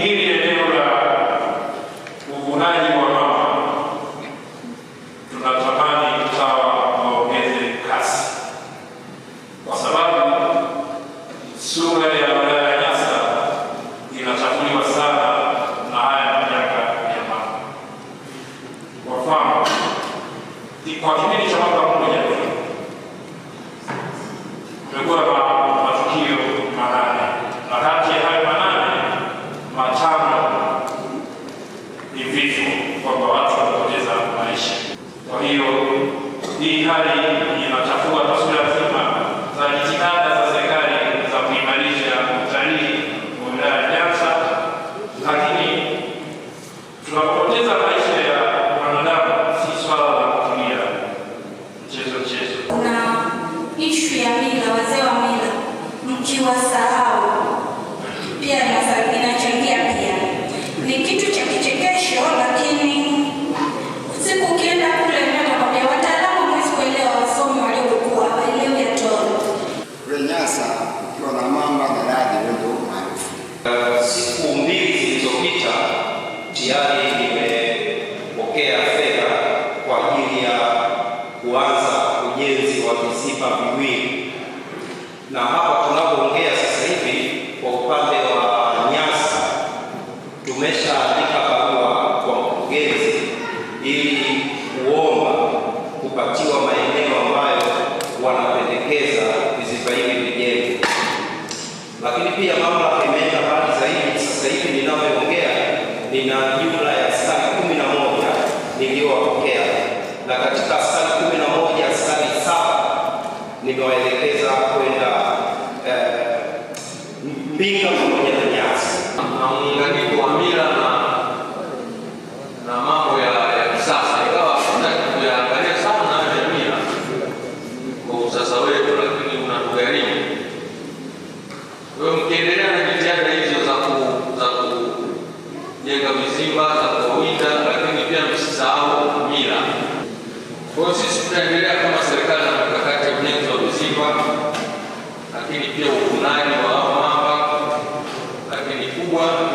Hili eneo la uvunaji wa mama tunatamani TAWA waongeze kasi, kwa sababu sura ya wilaya ya Nyasa inachafuliwa sana na haya majanga ya mama. Kwa mfano, kwa kipindi cha mwaka mmoja tumekuwa Hii hali inachafua taswira nzima za jitihada za serikali za kuimarisha utalii wa wilaya ya Nyanza, lakini tunapoteza maisha ya wanadamu, si swala la kutumia mchezo mchezo. Kuna ishu ya mila, wazee wa mila mkiwasahau tayari limepokea fedha kwa ajili ya kuanza ujenzi wa visima viwili, na hapa tunapoongea sasa hivi kwa upande wa Nyasa tumeshaandika barua kwa mkurugenzi ili kuomba kupatiwa maeneo ambayo wanapendekeza visipa hivi vijengwe, lakini pia mamlaka imeenda mbali nina jumla ya askari kumi na moja niliyowapokea, na katika askari kumi na moja askari saba nimewaelekeza kwenda eh, Mbinga. kujenga vizimba za kuwawinda, lakini pia msisahau mila. Kwa sisi tutaendelea kama serikali na mkakati ya ujenzi wa vizimba, lakini pia uvunaji wa mamba, lakini kubwa